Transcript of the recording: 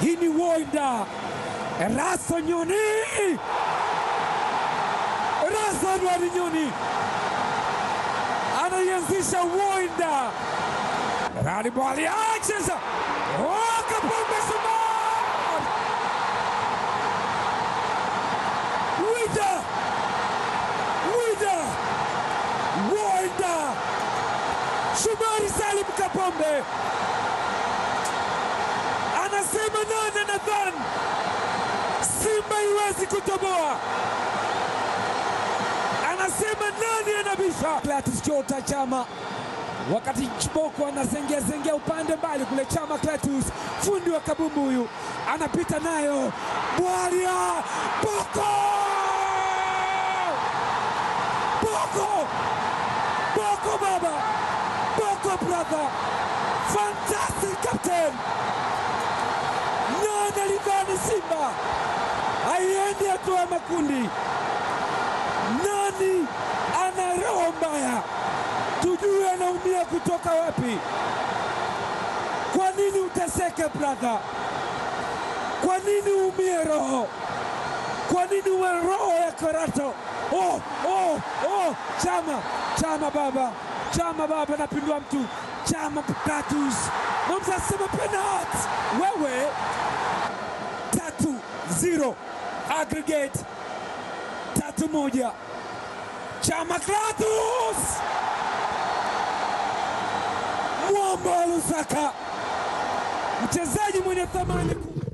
hini woinda raso nyoni raso Edward nyoni anaianzisha woinda rali bali acheza wakapamba oh, shuma wida wida woinda shumari salim kapombe Manane Nathan, Simba iwezi kutoboa, anasema nani anabisha. Clatous Chota Chama wakati Chiboko anazengea zengea upande mbali kule, Chama Clatous fundi wa kabumbu huyu anapita nayo bwaria Boko Boko Boko baba Boko brother iende Simba haiendi hatua ya makundi. Nani ana roho mbaya? Tujue anaumia kutoka wapi? Kwa nini uteseke brother? Kwa nini uumie roho? Kwa nini uwe roho ya karato? Oh, oh, oh, Chama, Chama baba, Chama baba, napindua mtu Chama mamza mamsasema penalty wewe zero, aggregate tatu moja. Chama Clatous mwamba wa Lusaka, mchezaji mwenye thamani kubwa.